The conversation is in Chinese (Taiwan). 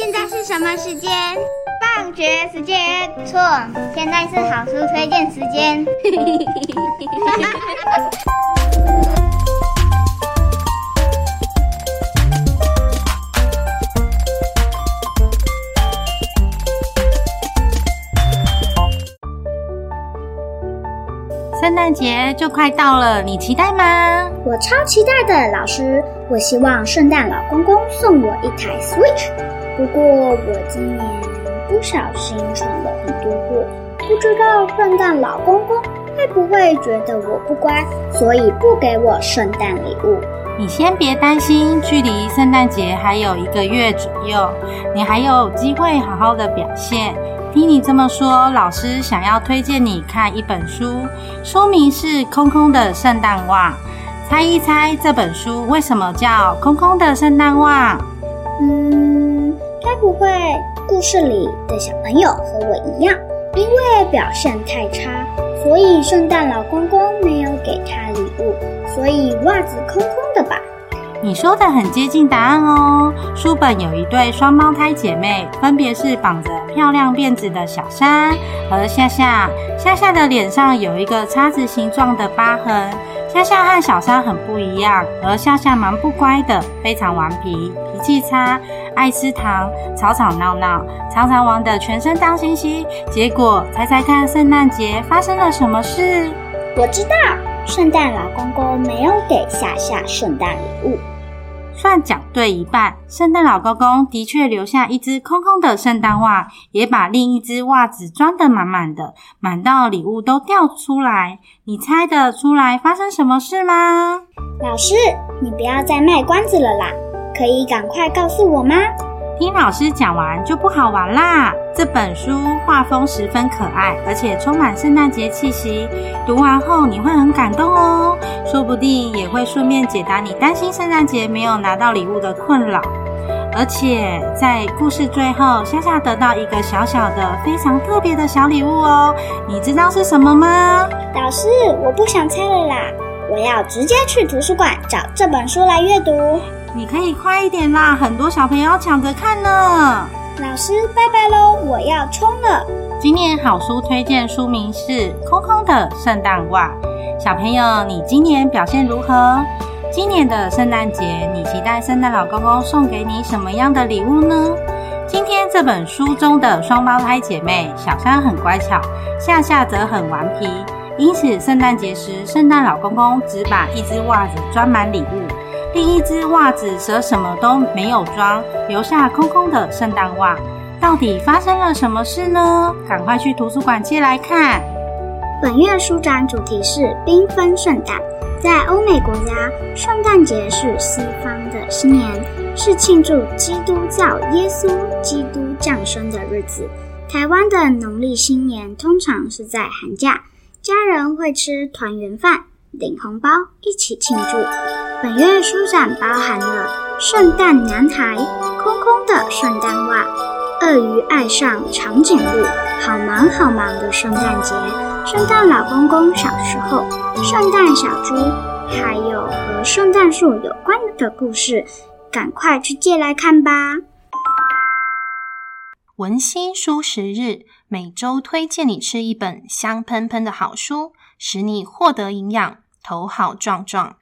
現在是什麼時間？放學時間。錯，現在是好書推薦時間。 聖誕節就快到了，你期待嗎？我超期待的，老師。我希望聖誕老公公送我一台 Switch。不過我今年不小心闖了很多禍，不知道聖誕老公公會不會覺得我不乖，所以不給我聖誕禮物。你先別擔心，距離聖誕節還有一個月左右，你還有機會好好的表現。聽你這麼說，老師想要推薦你看一本書，書名是《空空的聖誕襪》，猜一猜這本書為什麼叫《空空的聖誕襪》？嗯。該不會故事裡的小朋友和我一樣，因為表現太差，所以聖誕老公公沒有給他禮物，所以襪子空空的吧？你說的很接近答案哦。書本有一對雙胞胎姐妹，分別是綁着漂亮辮子的小山和夏夏。夏夏的臉上有一個叉子形狀的疤痕。夏夏和小山很不一樣，而夏夏蠻不乖的，非常頑皮，脾氣差。愛吃糖，吵吵鬧鬧，常常玩得全身髒兮兮。結果，猜猜看，聖誕節發生了什麼事？我知道，聖誕老公公沒有給夏夏聖誕禮物。算講對一半，聖誕老公公的確留下一隻空空的聖誕襪，也把另一隻襪子裝得滿滿的，滿到禮物都掉出來。你猜得出來發生什麼事嗎？老師，你不要再賣關子了啦。可以趕快告訴我嗎？聽老師講完就不好玩啦。這本書畫風十分可愛，而且充滿聖誕節氣息，讀完後你會很感動哦。說不定也會順便解答你擔心聖誕節沒有拿到禮物的困擾。而且在故事最後，夏夏得到一個小小的、非常特別的小禮物哦。你知道是什麼嗎？老師，我不想猜了啦。我要直接去圖書館找這本書來閱讀。你可以快一點啦，很多小朋友搶着看呢。老師，拜拜嘍！我要衝了。今年好書推薦書名是《空空的聖誕襪》。小朋友，你今年表現如何？今年的聖誕節，你期待聖誕老公公送給你什麼樣的禮物呢？今天這本書中的雙胞胎姐妹小山很乖巧，夏夏則很頑皮。因此，聖誕節時，聖誕老公公只把一隻襪子裝滿禮物，另一隻襪子則什麼都沒有裝，留下空空的聖誕襪。到底發生了什麼事呢？趕快去圖書館借來看。本月書展主題是“繽紛聖誕”。在歐美國家，聖誕節是西方的新年，是慶祝基督教耶穌基督降生的日子。台灣的農曆新年通常是在寒假。家人會吃團圓飯，領紅包，一起慶祝。本月書展包含了《聖誕男孩》、《空空的聖誕襪》、《鱷魚愛上長頸鹿》、《好忙好忙的聖誕節》、《聖誕老公公小時候》、《聖誕小豬》，還有和聖誕樹有關的故事，趕快去借來看吧。文欣書食日，每週推薦你吃一本香噴噴的好書，使你獲得營養，頭好壯壯。